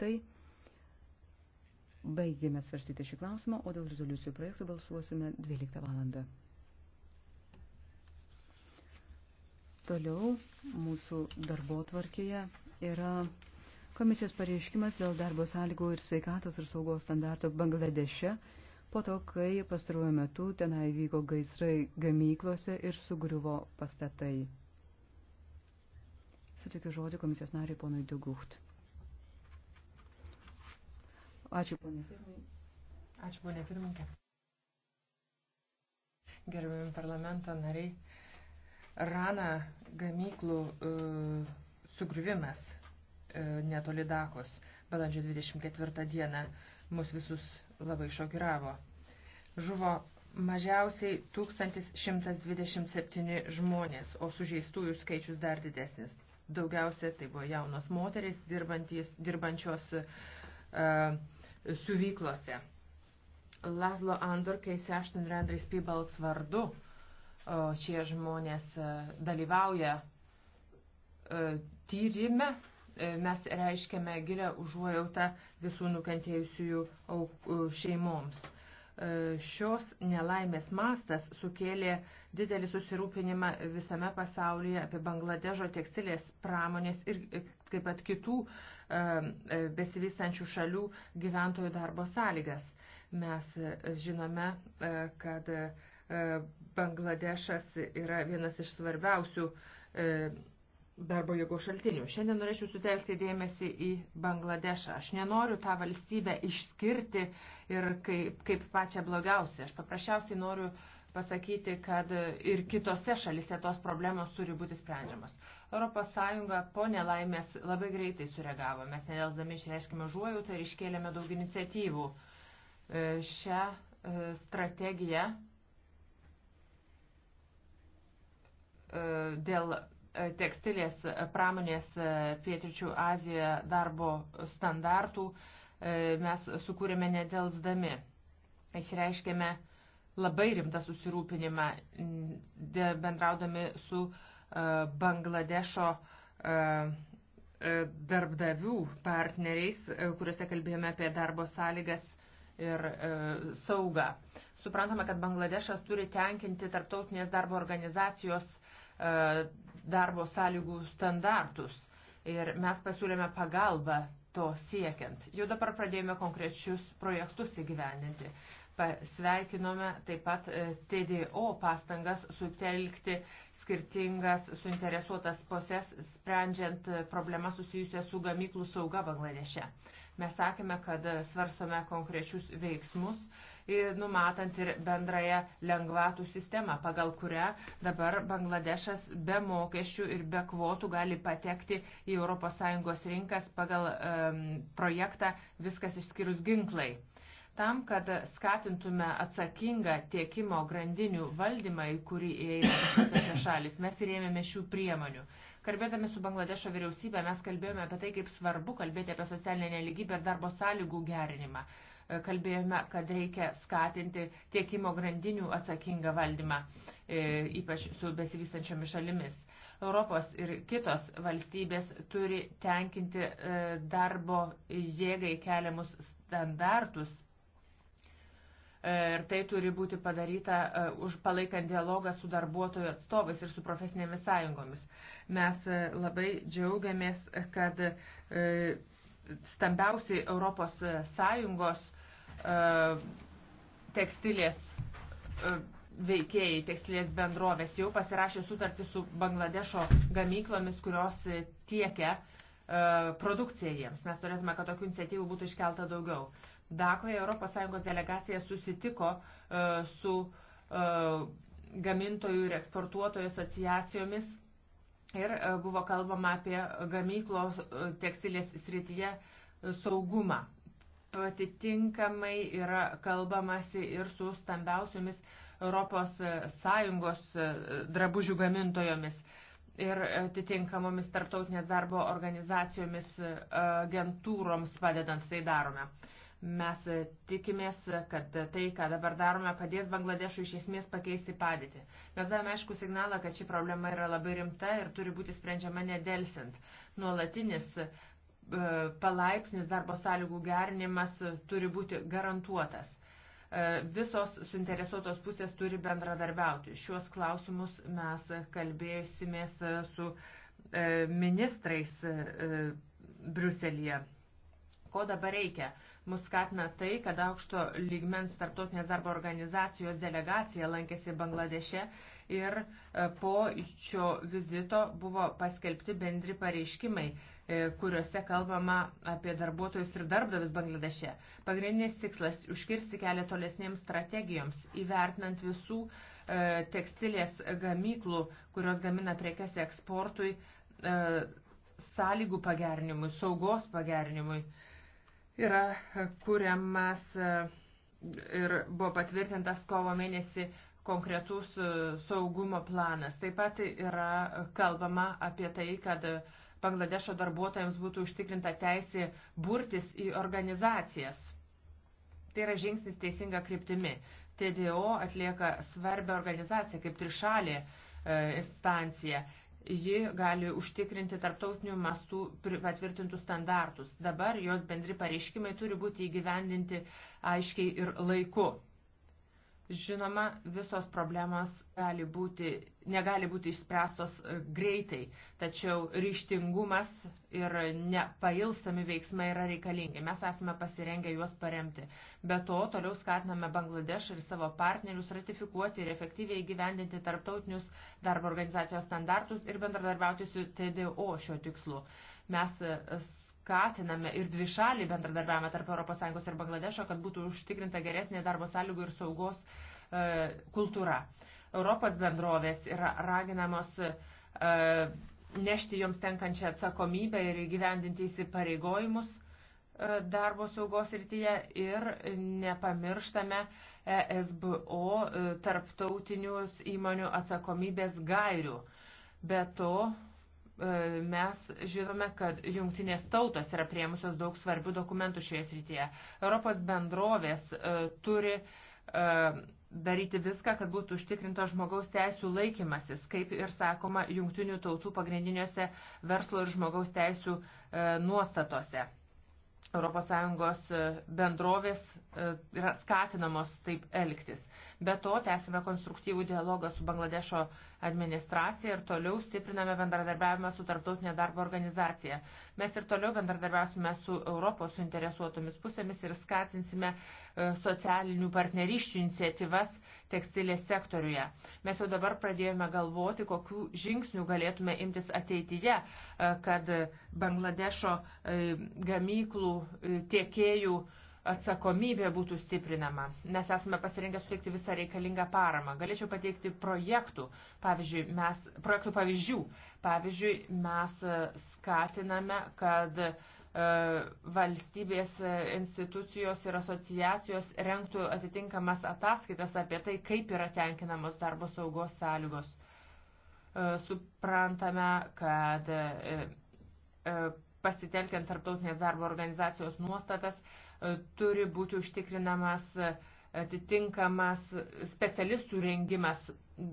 tai baigėme svarstyti šį klausimą, o dėl rezoliucijų projektų balsuosime 12 valandą. Toliau mūsų darbo tvarkėje yra komisijos pareiškimas dėl darbo sąlygų ir sveikatos ir saugos standarto Bangladeše, po to, kai pastaruoju metu tenai vyko gaisrai gamyklose ir sugriuvo pastatai. Sutikiu žodį komisijos nariai ponui Dugucht. Ačiū, ponė. Ačiū, ponė pirmininkė. Gerbėjim parlamento nariai. Rana gamyklų e, sugrivimas e, netoli Dakos balandžio 24 dieną mus visus labai šokiravo. Žuvo mažiausiai 1127 žmonės, o sužeistųjų skaičius dar didesnis. Daugiausia tai buvo jaunos moterys dirbančios uh, siuvyklose. Lazlo Andor, kai Sešton ir Andris Pibalks vardu šie žmonės e, dalyvauja e, tyrime, e, mes reiškiame gilę užuojautą visų nukentėjusiųjų šeimoms. Šios nelaimės mastas sukėlė didelį susirūpinimą visame pasaulyje apie Bangladežo tekstilės pramonės ir kaip pat kitų e, e, besivystančių šalių gyventojų darbo sąlygas. Mes e, žinome, kad Bangladešas yra vienas iš svarbiausių darbo jėgos šaltinių. Šiandien norėčiau sutelkti dėmesį į Bangladešą. Aš nenoriu tą valstybę išskirti ir kaip, kaip pačią blogiausią. Aš paprasčiausiai noriu pasakyti, kad ir kitose šalise tos problemos turi būti sprendžiamas. ES po nelaimės labai greitai sureagavo. Mes nedelsdami išreiškime žuojautą ir iškėlėme daug iniciatyvų. E, šią e, strategiją e, dėl tekstilės pramonės pietričių Azijoje darbo standartų mes sukūrėme nedelsdami. Išreiškėme labai rimtą susirūpinimą bendraudami su uh, E, Bangladešo e, e, darbdavių partneriais, kuriuose kalbėjome apie darbo sąlygas ir saugą. Suprantame, kad Bangladešas turi tenkinti tarptautinės darbo organizacijos darbo sąlygų standartus. Ir mes pasiūlėme pagalbą to siekiant. Jau dabar pradėjome konkrečius projektus įgyvendinti. Pasveikinome taip pat TDO pastangas sutelkti skirtingas suinteresuotas posės, sprendžiant problemą susijusią su gamyklų sauga Bangladeše. Mes sakėme, kad svarstome konkrečius veiksmus, numatant ir bendrąją lengvatų sistemą, pagal kurią dabar Bangladešas be mokesčių ir be kvotų gali patekti į ES rinkas pagal um, projektą viskas išskyrus ginklai. Uh, Tam, kad skatintume atsakingą tiekimo grandinių valdymą, į kurį įeina visose šalis, mes rėmėme šių priemonių. Kalbėdami su Bangladešo vyriausybė, mes kalbėjome apie tai, kaip svarbu kalbėti apie socialinę neligybę ir darbo sąlygų gerinimą. Kalbėjome, kad reikia skatinti tiekimo grandinių atsakingą valdymą, e, ypač su besivystančiomis šalimis. Europos ir kitos valstybės turi tenkinti e, darbo jėgai keliamus standartus Ir tai turi būti padaryta e, už palaikant dialogą su darbuotojų atstovais ir su profesinėmis sąjungomis. Mes e, labai džiaugiamės, kad e, stambiausiai Europos sąjungos tekstilės veikėjai, tekstilės bendrovės jau pasirašė sutartį su Bangladešo gamyklomis, kurios tiekia E, produkciją jiems. Mes turėtume, kad tokių iniciatyvų būtų iškelta daugiau. Dakoje ES delegacija susitiko e, su e, gamintojų ir eksportuotojų asociacijomis ir buvo kalbama apie gamyklos tekstilės srityje saugumą. Patitinkamai yra kalbamasi ir su stambiausiomis ES drabužių gamintojomis ir atitinkamomis tarptautinės darbo organizacijomis e, agentūroms padedant tai darome. Mes tikimės, kad tai, ką dabar darome, padės Bangladešui iš esmės pakeisti padėtį. Mes davėme aišku signalą, kad ši problema yra labai rimta ir turi būti sprendžiama nedelsint. Nuolatinis e, palaipsnis darbo sąlygų gerinimas turi būti garantuotas E, visos suinteresuotos pusės turi bendradarbiauti. Šiuos klausimus mes kalbėsimės su e, ministrais e, Briuselėje. Ko dabar reikia? Mus skatina tai, kad aukšto lygmens tarptautinės darbo organizacijos delegacija lankėsi Bangladeše ir e, po šio vizito buvo paskelbti bendri pareiškimai, e, kuriuose kalbama apie darbuotojus ir darbdavius Bangladeše. Pagrindinis tikslas - užkirsti kelią tolesniems strategijoms, įvertinant visų e, tekstilės gamyklų, kurios gamina prekes eksportui, sąlygų pagerinimui, saugos pagerinimui yra kuriamas e, ir buvo patvirtintas kovo mėnesį konkretus e, saugumo planas. Taip pat yra kalbama apie tai, kad Bangladešo darbuotojams būtų užtikrinta teisė burtis į organizacijas. Tai yra žingsnis teisinga kryptimi. TDO atlieka svarbę organizaciją kaip trišalė e, instancija ji gali užtikrinti tarptautinių mastų patvirtintus standartus. Dabar jos bendri pareiškimai turi būti įgyvendinti aiškiai ir laiku. Žinoma, visos problemos gali būti, negali būti išspręstos e, greitai, tačiau ryštingumas ir nepailsami veiksmai yra reikalingi. Mes esame pasirengę juos paremti. Be to, toliau skatiname Bangladešą ir savo partnerius ratifikuoti ir efektyviai gyvendinti tarptautinius darbo organizacijos standartus ir bendradarbiauti su TDO šio tikslu. Mes e, skatiname ir dvišalį bendradarbiavimą tarp ES ir Bangladešo, kad būtų užtikrinta geresnė darbo sąlygų ir saugos e, kultūra. Europos bendrovės yra raginamos e, nešti joms tenkančią atsakomybę ir įgyvendinti įsipareigojimus e, darbo saugos rytyje ir nepamirštame ESBO e, tarptautinius įmonių atsakomybės gairių. Be to, E, mes žinome, kad jungtinės tautos yra priemusios daug svarbių dokumentų šioje srityje. Europos bendrovės e, turi e, daryti viską, kad būtų užtikrinto žmogaus teisų laikymasis, kaip ir sakoma, jungtinių tautų pagrindiniuose verslo ir žmogaus teisų nuostatose. ES bendrovės yra skatinamos taip elgtis. Be to, tęsime konstruktyvų dialogą su Bangladešo administracija ir toliau stipriname bendradarbiavimą su Tarptautinė darbo organizacija. Mes ir toliau bendradarbiausime su Europos suinteresuotomis pusėmis ir skatinsime e, socialinių partneriščių iniciatyvas tekstilės sektoriuje. Mes jau dabar pradėjome galvoti, kokių žingsnių galėtume imtis ateityje, e, kad Bangladešo e, gamyklų tiekėjų atsakomybė būtų stiprinama. Mes esame pasirengę suteikti visą reikalingą paramą. Galėčiau pateikti projektų, pavyzdžiui, mes, projektų pavyzdžių. Pavyzdžiui, mes e, skatiname, kad e, valstybės institucijos ir asociacijos renktų atitinkamas ataskaitas apie tai, kaip yra tenkinamos darbo saugos sąlygos. E, suprantame, kad e, e, pasitelkiant tarptautinės darbo organizacijos nuostatas, e, turi būti užtikrinamas e, atitinkamas specialistų rengimas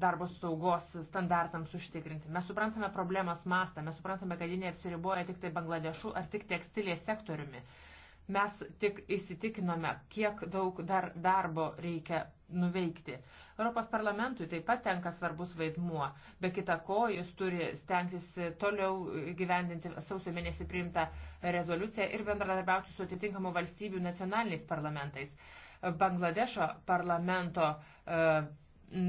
darbo saugos standartams užtikrinti. Mes suprantame problemos mastą, mes suprantame, kad ji neapsiriboja tik tai Bangladešu ar tik tekstilės sektoriumi. Mes tik įsitikinome, kiek daug dar darbo reikia nuveikti. Europos parlamentui taip pat tenka svarbus vaidmuo. Be kita ko, jis turi stengtis toliau gyvendinti sausio mėnesį priimtą rezoliuciją ir bendradarbiauti su atitinkamų valstybių nacionaliniais parlamentais. Bangladešo parlamento uh,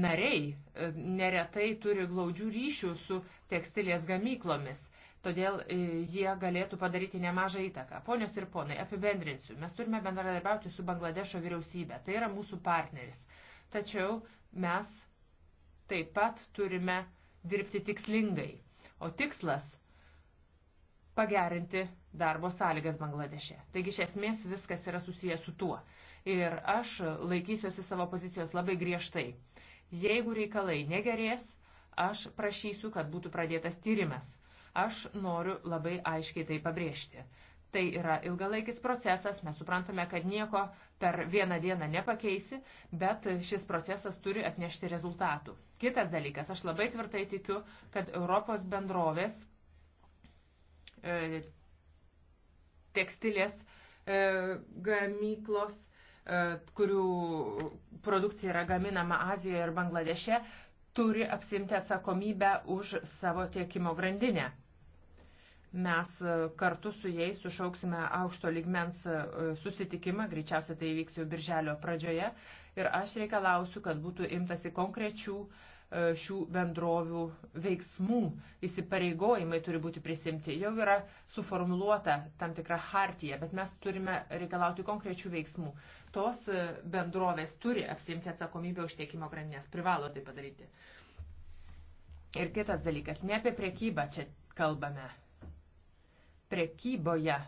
nariai e, neretai turi glaudžių ryšių su tekstilės gamyklomis todėl e, jie galėtų padaryti nemažą įtaką. Ponios ir ponai, apibendrinsiu, mes turime bendradarbiauti su Bangladešo vyriausybė, tai yra mūsų partneris. Tačiau mes taip pat turime dirbti tikslingai, o tikslas pagerinti darbo sąlygas Bangladeše. Taigi iš esmės viskas yra susijęs su tuo. Ir aš laikysiuosi savo pozicijos labai griežtai. Jeigu reikalai negerės, aš prašysiu, kad būtų pradėtas tyrimas. Aš noriu labai aiškiai tai pabrėžti. Tai yra ilgalaikis procesas, mes suprantame, kad nieko per vieną dieną nepakeisi, bet šis procesas turi atnešti rezultatų. Kitas dalykas, aš labai tvirtai tikiu, kad Europos bendrovės e, tekstilės e, gamyklos, e, kurių produkcija yra gaminama Azijoje ir Bangladeše, turi apsimti atsakomybę už savo tiekimo grandinę. Mes e, kartu su jais sušauksime aukšto ligmens e, susitikimą, greičiausiai tai įvyks jau birželio pradžioje, ir aš reikalausiu, kad būtų imtasi konkrečių uh, E, šių bendrovių veiksmų įsipareigojimai turi būti prisimti. Jau yra suformuluota tam tikra hartija, bet mes turime reikalauti konkrečių veiksmų. Tos e, bendrovės turi apsimti atsakomybę už tiekimo grandinės, privalo tai padaryti. Ir kitas dalykas, ne apie priekybą čia kalbame. Prekyboje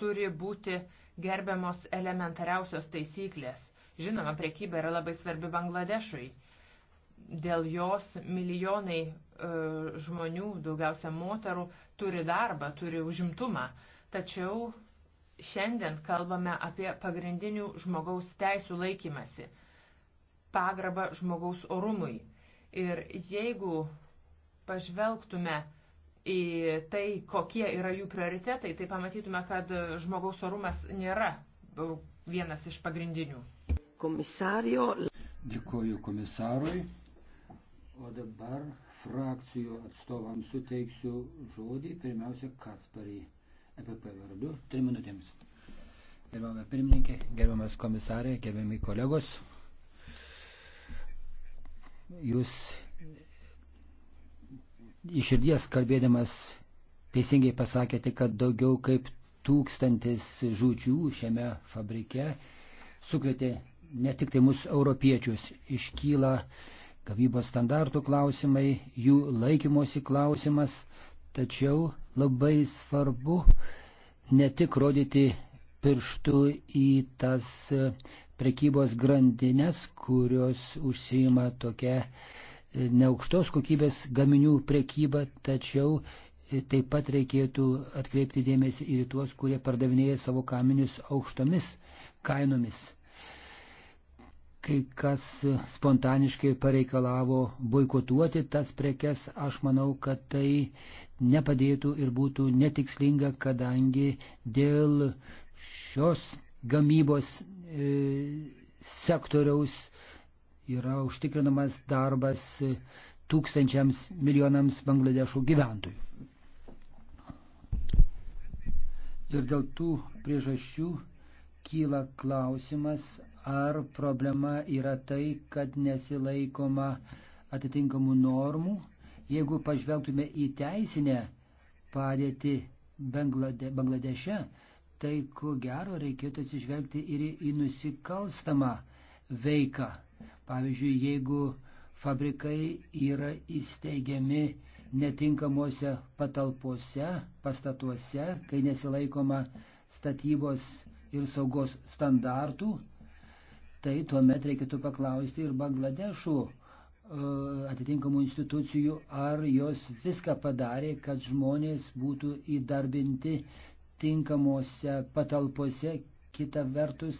turi būti gerbiamos elementariausios taisyklės. Žinoma, priekyba yra labai svarbi Bangladešui Dėl jos milijonai e, žmonių, daugiausia moterų, turi darbą, turi užimtumą. Tačiau šiandien kalbame apie pagrindinių žmogaus teisų laikymasi, pagarbą žmogaus orumui. Ir jeigu pažvelgtume į tai, kokie yra jų prioritetai, tai pamatytume, kad žmogaus orumas nėra vienas iš pagrindinių. Komisario. Dėkuoju komisarui. O dabar frakcijų atstovams suteiksiu žodį, pirmiausia, Kasparį, EPP vardu, trim minutėms. Gerbama pirmininkė, gerbamas komisarė, gerbiami kolegos, jūs iširdies kalbėdamas teisingai pasakėte, kad daugiau kaip tūkstantis žūčių šiame fabrike sukrėtė ne tik tai mūsų europiečius, iškyla uh, gavybos standartų klausimai, jų laikymosi klausimas, tačiau labai svarbu ne tik rodyti pirštų į tas e, prekybos grandinės, kurios užsima tokia e, neaukštos kokybės gaminių prekyba, tačiau e, taip pat reikėtų atkreipti dėmesį ir tuos, kurie pardavinėja savo kaminius aukštomis kainomis kai kas spontaniškai pareikalavo boikotuoti tas prekes, aš manau, kad tai nepadėtų ir būtų netikslinga, kadangi dėl šios gamybos e, sektoriaus yra užtikrinamas darbas e, tūkstančiams milijonams Bangladešų gyventojų. Ir dėl tų priežasčių kyla klausimas, ar problema yra tai, kad nesilaikoma atitinkamų normų. Jeigu pažvelgtume į teisinę padėtį Banglade, Bangladeše, tai ko gero reikėtų atsižvelgti ir į nusikalstamą veiką. Pavyzdžiui, jeigu fabrikai yra įsteigiami netinkamuose patalpose, pastatuose, kai nesilaikoma statybos ir saugos standartų, tai tuomet reikėtų paklausti ir Bangladešų e, atitinkamų institucijų, ar jos viską padarė, kad žmonės būtų įdarbinti tinkamuose patalpose. Kita vertus,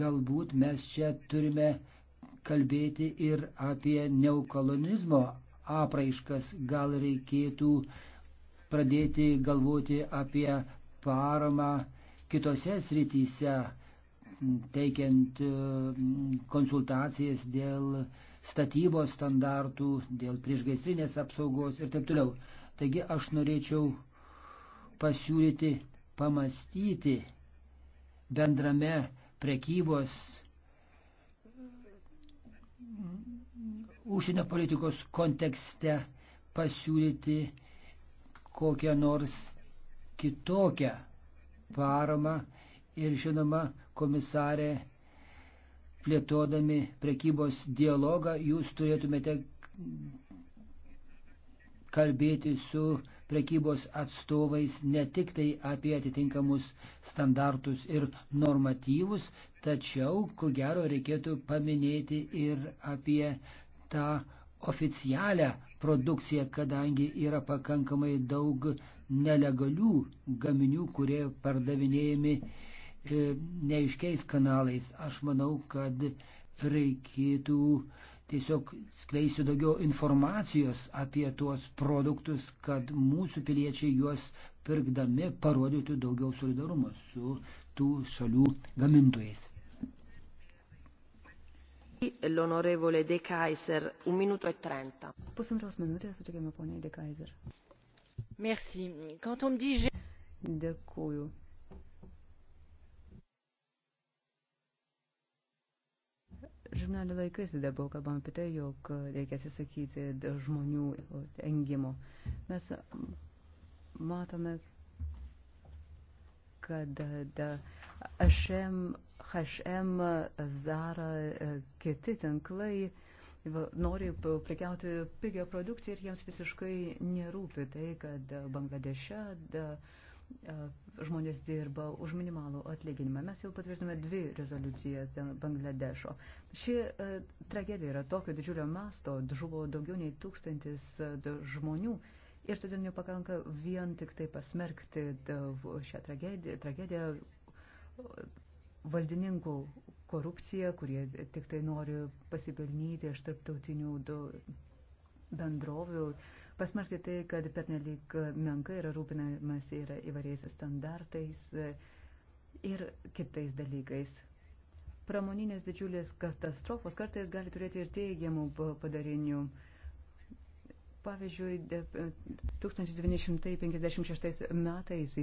galbūt mes čia turime kalbėti ir apie neokolonizmo apraiškas. Gal reikėtų pradėti galvoti apie paramą kitose srityse teikiant e, konsultacijas dėl statybos standartų, dėl priešgaisrinės apsaugos ir taip toliau. Taigi aš norėčiau pasiūlyti pamastyti bendrame prekybos užsienio politikos kontekste pasiūlyti kokią nors kitokią paramą ir žinoma komisarė, plėtodami prekybos dialogą, jūs turėtumėte kalbėti su prekybos atstovais ne tik tai apie atitinkamus standartus ir normatyvus, tačiau, ko gero, reikėtų paminėti ir apie tą oficialią produkciją, kadangi yra pakankamai daug nelegalių gaminių, kurie pardavinėjami E, neiškiais kanalais. Aš manau, kad reikėtų tiesiog skleisti daugiau informacijos apie tuos produktus, kad mūsų piliečiai juos pirkdami parodytų daugiau solidarumo su tų šalių gamintojais. L'onorevole De Kaiser, un minuto e trenta. Pusantros minutės sutikėme poniai De Kaiser. Merci. Quand on me dit... Dėkuoju. žurnalio laikais tada buvo kalbama apie tai, jog reikia atsisakyti žmonių engimo. Mes matome, kad HM, HM Zara, kiti tinklai nori prekiauti pigią produkciją ir jiems visiškai nerūpi tai, kad Bangladeše E, žmonės dirba už minimalų atlyginimą. Mes jau patvirtinome dvi rezoliucijas dėl Bangladešo. Ši e, tragedija yra tokio didžiulio masto, žuvo daugiau nei tūkstantis e, žmonių. Ir todėl nepakanka vien tik tai pasmerkti šią tragediją, tragediją valdininkų korupciją, kurie tik tai nori pasipelnyti iš tarptautinių bendrovių. Uh, pasmerkti tai, kad pernelyg menkai yra rūpinamas yra įvairiais standartais e, ir kitais dalykais. Pramoninės didžiulės katastrofos kartais gali turėti ir teigiamų padarinių. Pavyzdžiui, 1956 metais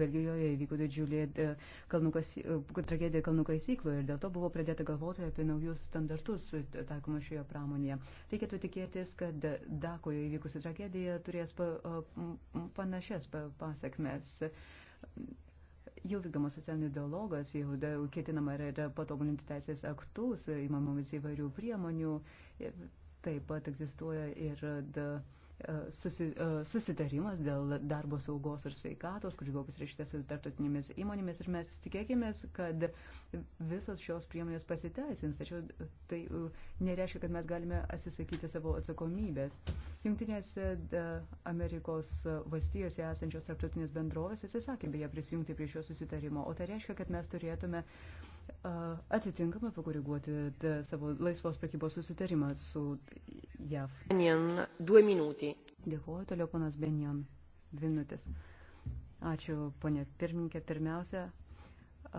Belgijoje įvyko didžiulė tragedija kalnų kasykloje ir dėl to buvo pradėta galvoti apie naujus standartus taikomus šioje pramonėje. Reikėtų tikėtis, kad Dakoje įvykusi tragedija turės panašias pasakmes. Jau vykdomas socialinis dialogas, jau ketinama yra patobulinti teisės aktus, įmamomis įvairių priemonių. Taip pat egzistuoja ir da, e, susi, e, susitarimas dėl darbo saugos ir sveikatos, kuris buvo pasirašytas su tartutinėmis įmonėmis ir mes tikėkimės, kad visos šios priemonės pasiteisins, tačiau tai e, nereiškia, kad mes galime atsisakyti savo atsakomybės. Junktinėse Amerikos valstijose esančios tarptautinės bendrovės atsisakė beje prisijungti prie šio susitarimo, o tai reiškia, kad mes turėtume uh, atitinkamai pakoreguoti savo laisvos prekybos susitarimą su JAV. Benjon, du minutį. Dėkuoju, toliau ponas Benjon, dvi minutės. Ačiū, ponė pirmininkė. Pirmiausia,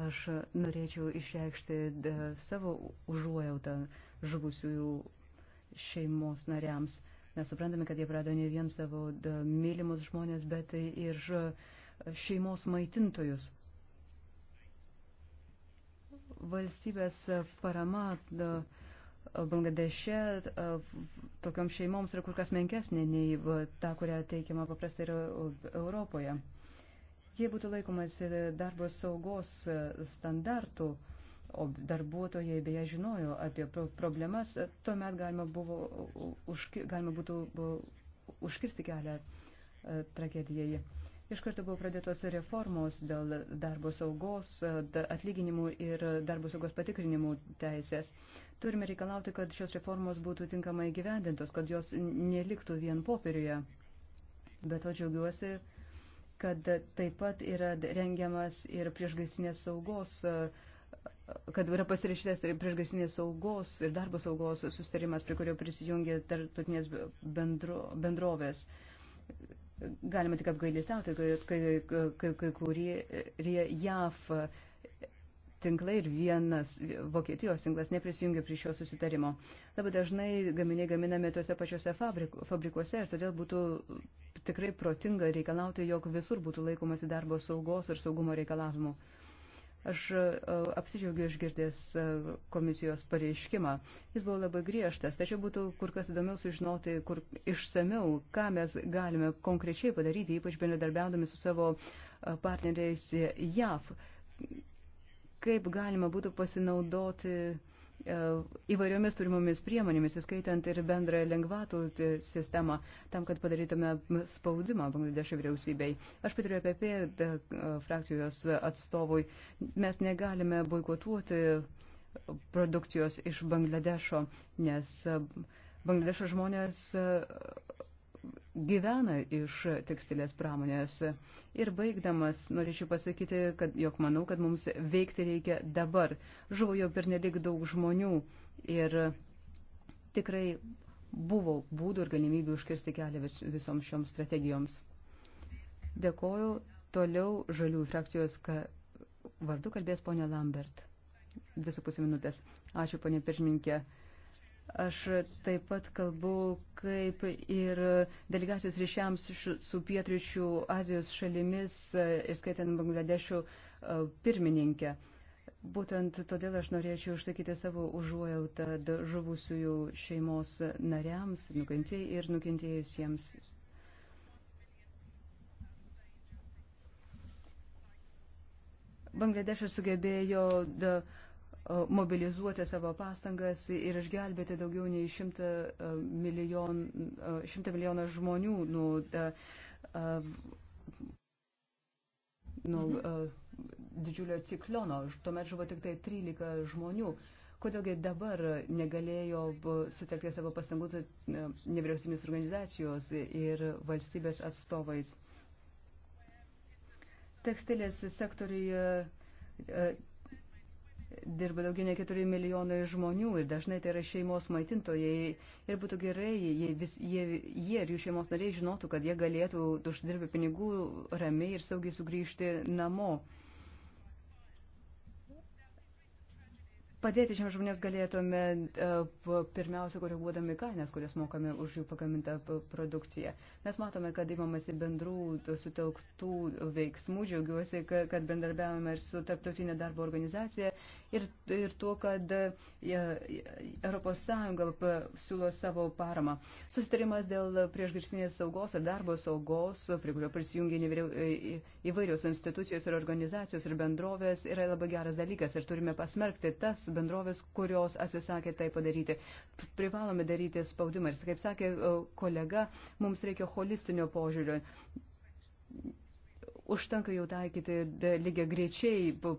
aš norėčiau išreikšti savo užuojautą žuvusiųjų šeimos nariams. Mes suprantame, kad jie prarado ne vien savo mylimus žmonės, bet ir šeimos maitintojus valstybės parama Bangladeše tokioms šeimoms yra kur kas menkesnė nei ta, kurią teikiama paprastai yra Europoje. Jei būtų laikomasi darbo saugos standartų, o darbuotojai beje žinojo apie problemas, tuomet galima, buvo, užki, galima būtų buvo, užkirsti kelią tragedijai. Iš karto buvo pradėtos reformos dėl darbo saugos, atlyginimų ir darbo saugos patikrinimų teisės. Turime reikalauti, kad šios reformos būtų tinkamai gyvendintos, kad jos neliktų vien popieriuje. Bet to džiaugiuosi, kad taip pat yra rengiamas ir priešgaisrinės saugos kad yra pasirašytas priešgaisinės saugos ir darbo saugos sustarimas, prie kurio prisijungia tarptautinės bendro, bendrovės. Galima tik apgailistauti, kad kai, kai, kai, kai kurie JAF tinklai ir vienas Vokietijos tinklas neprisijungia prie šio susitarimo. Labai dažnai gaminiai gaminami tose pačiose fabriku, fabrikuose ir todėl būtų tikrai protinga reikalauti, jog visur būtų laikomasi darbo saugos ir saugumo reikalavimų. Aš e, apsidžiaugiu išgirdęs e, komisijos pareiškimą. Jis buvo labai griežtas, tačiau būtų kur kas įdomiau sužinoti kur išsameu, ką mes galime konkrečiai padaryti, ypač bendradarbiaudami su savo e, partneriais JAV. Kaip galima būtų pasinaudoti uh, E, įvairiomis turimomis priemonėmis, įskaitant ir bendrą lengvatų sistemą, tam, kad padarytume spaudimą Bangladešo vyriausybei. Aš pritariu apie P e, frakcijos atstovui, mes negalime boikotuoti produkcijos iš Bangladešo, nes Bangladešo žmonės gyvena iš tekstilės pramonės. Ir baigdamas, norėčiau pasakyti, kad, jog manau, kad mums veikti reikia dabar. Žuvo jau per nedik daug žmonių ir tikrai buvo būdų ir galimybių užkirsti kelią vis, visoms šioms strategijoms. Dėkoju. Toliau žalių frakcijos ka, vardu kalbės ponia Lambert. Dvi su pusė minutės. Ačiū, ponia pirmininkė. Aš taip pat kalbu kaip ir delegacijos ryšiams su pietričių Azijos šalimis, e, įskaitant Bangladešų e, pirmininkę. Būtent todėl aš norėčiau išsakyti savo užuojautą žuvusiųjų šeimos nariams, nukentėjai ir nukentėjusiems. Bangladešas sugebėjo da, uh, E, mobilizuoti savo pastangas ir išgelbėti daugiau nei 100 e, milijon, e, milijoną žmonių nuo, nuo mhm. didžiulio ciklono. Tuomet žuvo tik tai 13 žmonių. Kodėlgi dabar negalėjo sutelkti savo pastangų nevyriausybinės organizacijos ir valstybės atstovais? Tekstilės sektoriuje dirba daugiau nei 4 milijonai žmonių ir dažnai tai yra šeimos maitintojai. Ir būtų gerai, jei vis, jie, jie ir jų šeimos nariai žinotų, kad jie galėtų uždirbę pinigų ramiai ir saugiai sugrįžti namo. Padėti šiems žmonėms galėtume e, pirmiausia koreguodami kainas, kurias mokame už jų pagamintą produkciją. Mes matome, kad įmamasi bendrų sutelktų veiksmų. Džiaugiuosi, kad bendarbiavame ir su Tarptautinė darbo organizacija ir, ir tuo, kad ES e, siūlo savo paramą. Susitarimas dėl priešgirsinės saugos ir darbo saugos, prie kurio prisijungia e, įvairios institucijos ir organizacijos ir bendrovės, yra labai geras dalykas ir turime pasmerkti tas bendrovės, kurios atsisakė tai padaryti. Privalome daryti spaudimą. Ir kaip sakė e, kolega, mums reikia holistinio požiūrio. Užtenka jau taikyti lygiai greičiai e,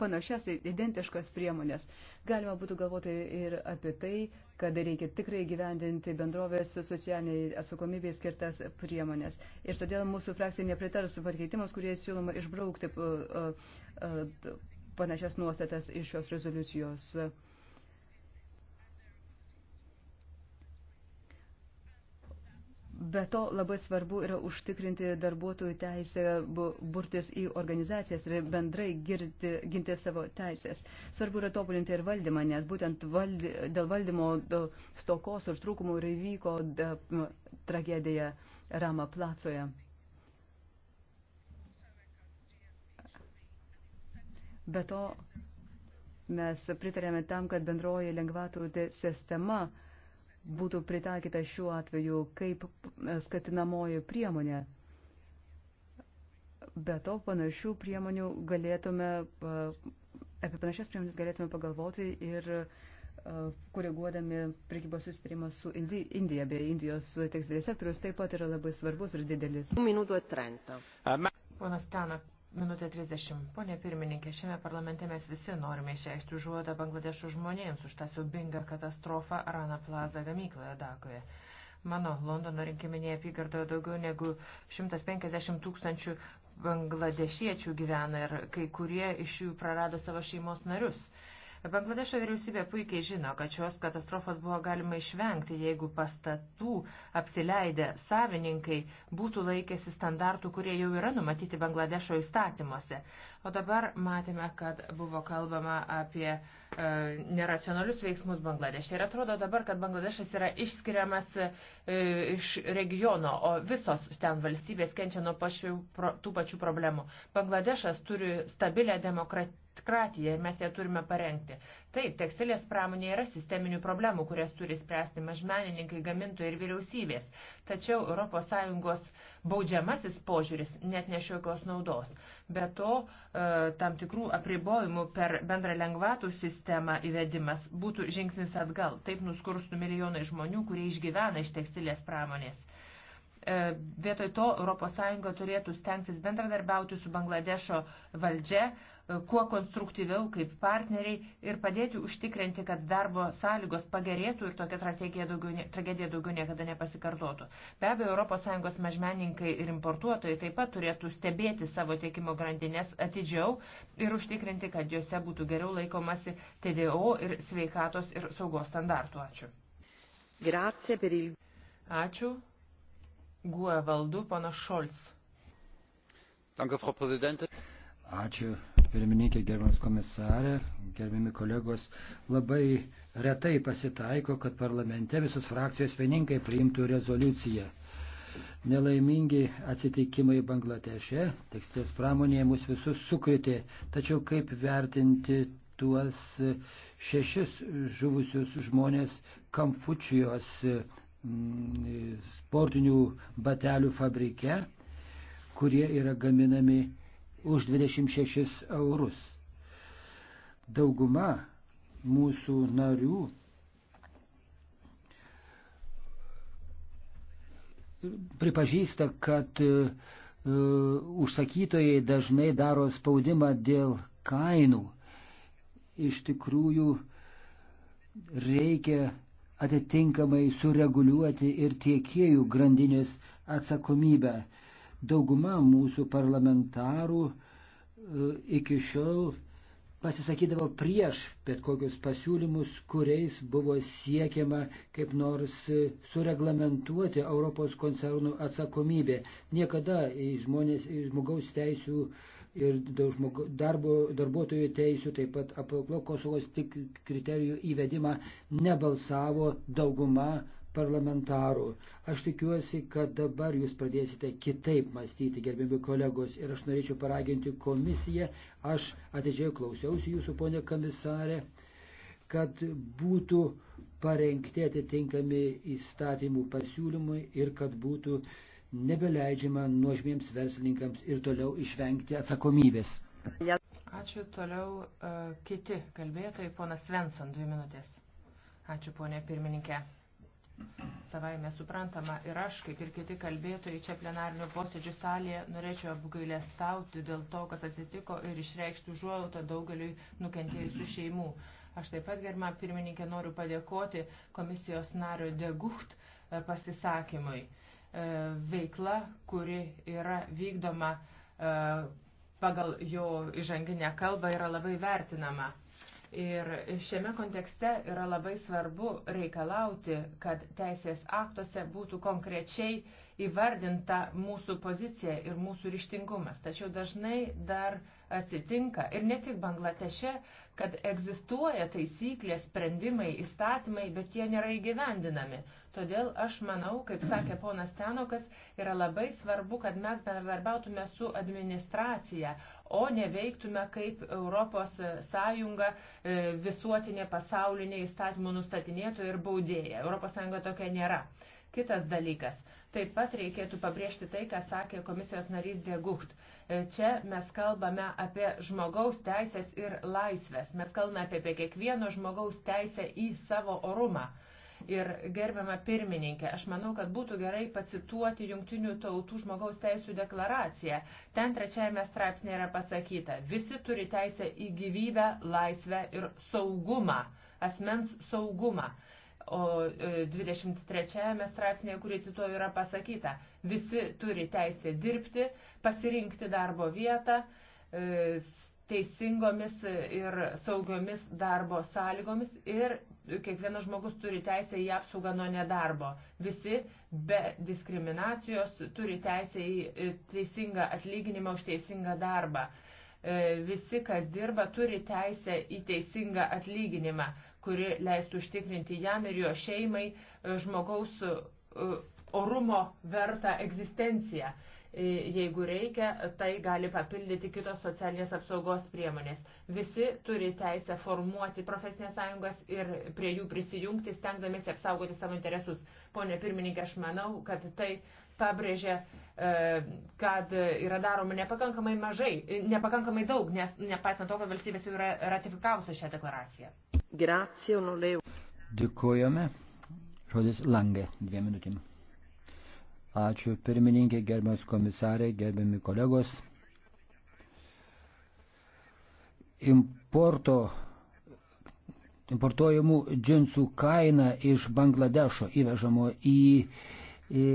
panašias identiškas priemonės. Galima būtų galvoti ir apie tai, kad reikia tikrai gyvendinti bendrovės socialiniai atsakomybėje skirtas priemonės. Ir todėl mūsų frakcija nepritars pakeitimams, kurie siūloma išbraukti uh, uh, panašias nuostatas iš šios rezoliucijos. Be to labai svarbu yra užtikrinti darbuotojų teisę burtis į organizacijas ir bendrai girti, ginti savo teisės. Svarbu yra tobulinti ir valdymą, nes būtent valdy, dėl valdymo stokos ir trūkumų ir įvyko tragedija Rama placoje. Be to, mes pritarėme tam, kad bendroji lengvatų sistema būtų pritaikyta šiuo atveju kaip skatinamoji priemonė. Be to, panašių priemonių galėtume, apie panašias priemonės galėtume pagalvoti ir koreguodami prekybos susitarimą su Indi, Indija, bei Indijos tekstilės sektorius taip pat yra labai svarbus ir didelis. Minutų 30. E Ponas Tanak, Minutė 30. Pone pirmininkė, šiame parlamente mes visi norime išreikšti užuodą Bangladešo žmonėms už tą siubingą katastrofą Rana Plaza gamykloje Dakoje. Mano Londono rinkiminėje apygardoje daugiau negu 150 tūkstančių bangladešiečių gyvena ir kai kurie iš jų prarado savo šeimos narius. Bangladešo vyriausybė puikiai žino, kad šios katastrofos buvo galima išvengti, jeigu pastatų apsileidę savininkai būtų laikėsi standartų, kurie jau yra numatyti Bangladešo įstatymuose. O dabar matėme, kad buvo kalbama apie e, neracionalius veiksmus Bangladešė. Ir atrodo dabar, kad Bangladešas yra išskiriamas e, iš regiono, o visos ten valstybės kenčia nuo pašių, pro, tų pačių problemų. Bangladešas turi stabilę demokratiją kratiją ir mes ją turime parengti. Taip, tekstilės pramonėje yra sisteminių problemų, kurias turi spręsti mažmenininkai, gamintojai ir vyriausybės. Tačiau ES baudžiamasis požiūris net nešiokios naudos. Be to, e, tam tikrų apribojimų per bendrą lengvatų sistemą įvedimas būtų žingsnis atgal. Taip nuskurstų milijonai žmonių, kurie išgyvena iš tekstilės pramonės. E, vietoj to ES turėtų stengtis bendradarbiauti su Bangladešo valdžia, e, kuo konstruktyviau kaip partneriai ir padėti užtikrinti, kad darbo sąlygos pagerėtų ir tokia tragedija daugiau, tragedija daugiau niekada nepasikartotų. Be abejo, ES mažmeninkai ir importuotojai taip pat turėtų stebėti savo tiekimo grandinės atidžiau ir užtikrinti, kad juose būtų geriau laikomasi TDO ir sveikatos ir saugos standartų. Ačiū. Grazie per il... Ačiū. GUE valdu pana Šolc. Ačiū, pirmininkė, gerbiamas komisarė, gerbiami kolegos. Labai retai pasitaiko, kad parlamente visos frakcijos vieningai priimtų rezoliuciją. Nelaimingi atsitikimai Bangladeše, tekstilės pramonėje mus visus sukritė, tačiau kaip vertinti tuos šešis žuvusius žmonės kampučijos Mm, sportinių batelių fabrike, kurie yra gaminami už 26 eurus. Dauguma mūsų narių pripažįsta, kad uh, užsakytojai dažnai daro spaudimą dėl kainų. Iš tikrųjų reikia atitinkamai sureguliuoti ir tiekėjų grandinės atsakomybę. Dauguma mūsų parlamentarų e, iki šiol pasisakydavo prieš bet kokius pasiūlymus, kuriais buvo siekiama kaip nors sureglamentuoti Europos koncernų atsakomybę. Niekada į, žmonės, į žmogaus teisų uh, ir dėl žmogu, darbo, darbuotojų teisų, taip pat apie Kosovos tik kriterijų įvedimą nebalsavo dauguma parlamentarų. Aš tikiuosi, kad dabar jūs pradėsite kitaip mąstyti, gerbiami kolegos, ir aš norėčiau paraginti komisiją, aš atidžiai klausiausi jūsų, ponė komisarė, kad būtų parengti atitinkami įstatymų pasiūlymai ir kad būtų uh, nebeleidžiama nuožmiems verslininkams ir toliau išvengti atsakomybės. Ačiū toliau uh, kiti kalbėtojai, ponas Svensson, dvi minutės. Ačiū, ponė pirmininkė. Savaime suprantama ir aš, kaip ir kiti kalbėtojai čia plenarnių posėdžių salėje, norėčiau apgailestauti dėl to, kas atsitiko ir išreikšti užuojautą daugeliui nukentėjusių šeimų. Aš taip pat, germa pirmininkė, noriu padėkoti komisijos nario Degucht e, pasisakymui. Uh, E, veikla, kuri yra vykdoma e, pagal jo įžanginę kalbą, yra labai vertinama. Ir šiame kontekste yra labai svarbu reikalauti, kad teisės aktuose būtų konkrečiai įvardinta mūsų pozicija ir mūsų ryštingumas. Tačiau dažnai dar atsitinka, ir ne tik Bangladeše, kad egzistuoja taisyklės, sprendimai, įstatymai, bet jie nėra įgyvendinami. Todėl aš manau, kaip sakė ponas Tenokas, yra labai svarbu, kad mes bendradarbiautume su administracija, o ne veiktume kaip Europos Sąjunga e, visuotinė pasaulinė įstatymų nustatinėtoja ir baudėja. Europos Sąjunga tokia nėra. Kitas dalykas. Taip pat reikėtų pabrėžti tai, ką sakė komisijos narys Degucht. E, čia mes kalbame apie žmogaus teisės ir laisvės. Mes kalbame apie, apie kiekvieno žmogaus teisę į savo orumą. Ir gerbiama pirmininkė, aš manau, kad būtų gerai pacituoti Junktinių tautų žmogaus teisų deklaraciją. Ten trečiajame straipsnė yra pasakyta, visi turi teisę į gyvybę, laisvę ir saugumą, asmens saugumą o 23 e, straipsnėje, kurį cituoju, yra pasakyta, visi turi teisę dirbti, pasirinkti darbo vietą, e, teisingomis ir saugiomis darbo sąlygomis ir kiekvienas žmogus turi teisę į apsaugą nuo nedarbo. Visi be diskriminacijos turi teisę į teisingą atlyginimą už teisingą darbą. E, visi, kas dirba, turi teisę į teisingą atlyginimą, kuri leistų užtikrinti jam ir jo šeimai e, žmogaus e, orumo vertą egzistenciją. E, jeigu reikia, tai gali papildyti kitos socialinės apsaugos priemonės. Visi turi teisę formuoti profesinės sąjungas ir prie jų prisijungti, stengdamėsi apsaugoti savo interesus. Pone pirmininkė, aš manau, kad tai pabrėžia, e, kad yra daroma nepakankamai mažai, nepakankamai daug, nes nepaisant to, kad valstybės jau yra ratifikavusios šią deklaraciją. Grazie, Dėkojame. Žodis langė dviem minutėm. Ačiū pirmininkė, gerbiamas komisarė, gerbiami kolegos. Importo, importuojamų džinsų kaina iš Bangladešo įvežamo į, į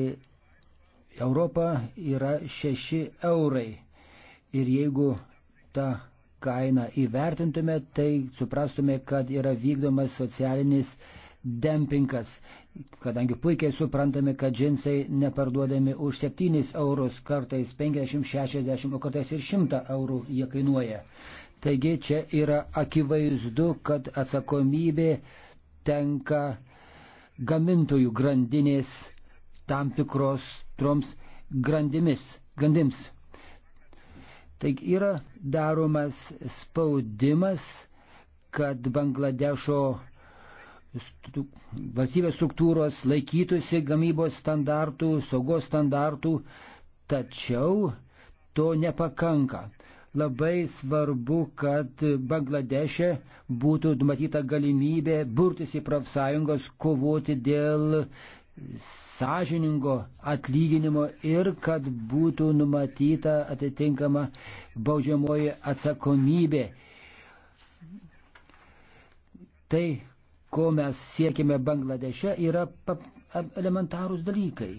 Europą yra 6 eurai. Ir jeigu tą kainą įvertintume, tai suprastume, kad yra vykdomas socialinis dempingas, kadangi puikiai suprantame, kad džinsai neparduodami už 7 eurus, kartais 50, 60, o kartais ir 100 eurų jie kainuoja. Taigi čia yra akivaizdu, kad atsakomybė tenka gamintojų grandinės tam tikros troms grandimis, grandims. Taigi yra daromas spaudimas, kad Bangladešo stru, valstybės struktūros laikytųsi gamybos standartų, saugos standartų, tačiau to nepakanka. Labai svarbu, kad Bangladeše būtų numatyta galimybė burtis į profsąjungas, kovoti dėl sąžiningo atlyginimo ir kad būtų numatyta atitinkama baudžiamoji atsakomybė. Tai ko mes siekime Bangladeše, yra elementarūs dalykai.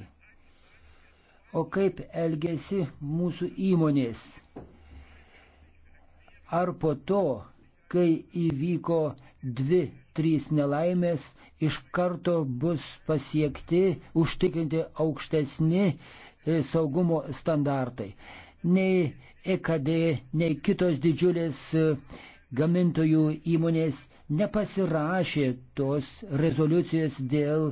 O kaip elgesi mūsų įmonės? Ar po to, kai įvyko dvi, trys nelaimės, iš karto bus pasiekti, užtikrinti aukštesni e, saugumo standartai? Nei EKD, nei kitos didžiulės uh, gamintojų įmonės nepasirašė tos rezoliucijos dėl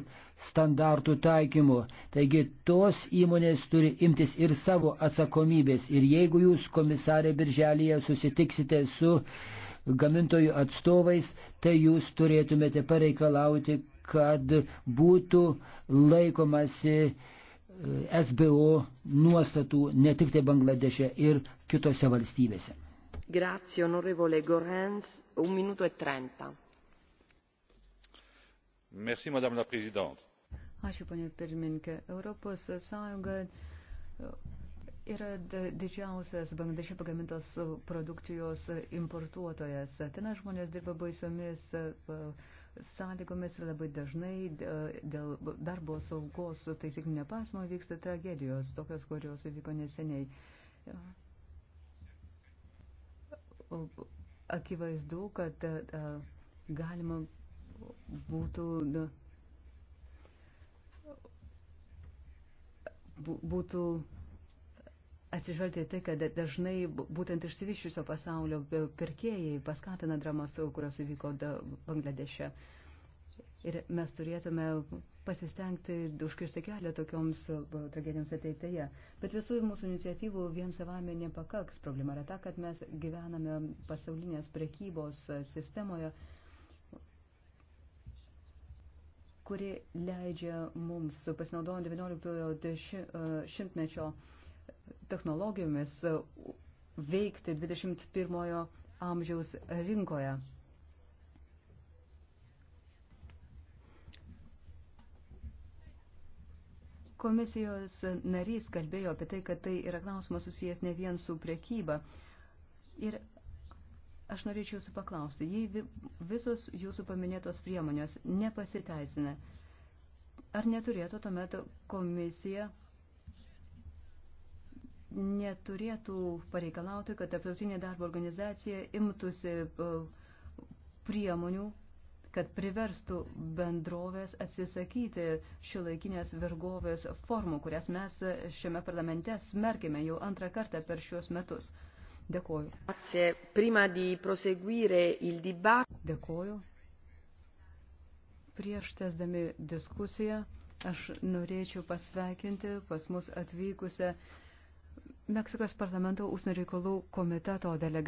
standartų taikymo. Taigi tos įmonės turi imtis ir savo atsakomybės. Ir jeigu jūs, komisarė Birželėje, susitiksite su gamintojų atstovais, tai jūs turėtumėte pareikalauti, kad būtų laikomasi e, SBO nuostatų ne tik tai Bangladeše ir kitose valstybėse. Grazie, onorevole Gorens. Un minuto e trenta. Merci, madame la présidente. Ačiū, ponė pirmininkė. Europos Sąjunga e, yra didžiausias Bangladešio pagamintos produkcijos importuotojas. Ten žmonės dirba baisiomis e, e, sąlygomis ir labai dažnai dėl darbo saugos taisyklinio pasmo vyksta tragedijos, tokios, kurios įvyko neseniai akivaizdu, kad e, e, galima būtų, e, būtų atsižvelgti tai, kad dažnai būtent išsivyščiusio pasaulio pirkėjai paskatina dramas, kurios įvyko Bangladeše. Da, Ir mes turėtume pasistengti užkirsti kelią tokioms tragedijoms ateityje. Bet visų mūsų iniciatyvų vien savame nepakaks. Problema yra ta, kad mes gyvename pasaulinės prekybos sistemoje, kuri leidžia mums pasinaudojant 19 šimtmečio technologijomis veikti 21 amžiaus rinkoje. Komisijos narys kalbėjo apie tai, kad tai yra klausimas susijęs ne vien su priekyba. Ir aš norėčiau jūsų paklausti, jei visos jūsų paminėtos priemonės nepasiteisina, ar neturėtų tuomet komisija neturėtų pareikalauti, kad tarptautinė darbo organizacija imtųsi e, priemonių kad priverstų bendrovės atsisakyti šio laikinės vergovės formų, kurias mes šiame parlamente smerkime jau antrą kartą per šiuos metus. Dėkoju. Dėkoju. Prieš tesdami diskusiją aš norėčiau pasveikinti pas mus atvykusią Meksikos parlamento užsienio reikalų komiteto delegaciją.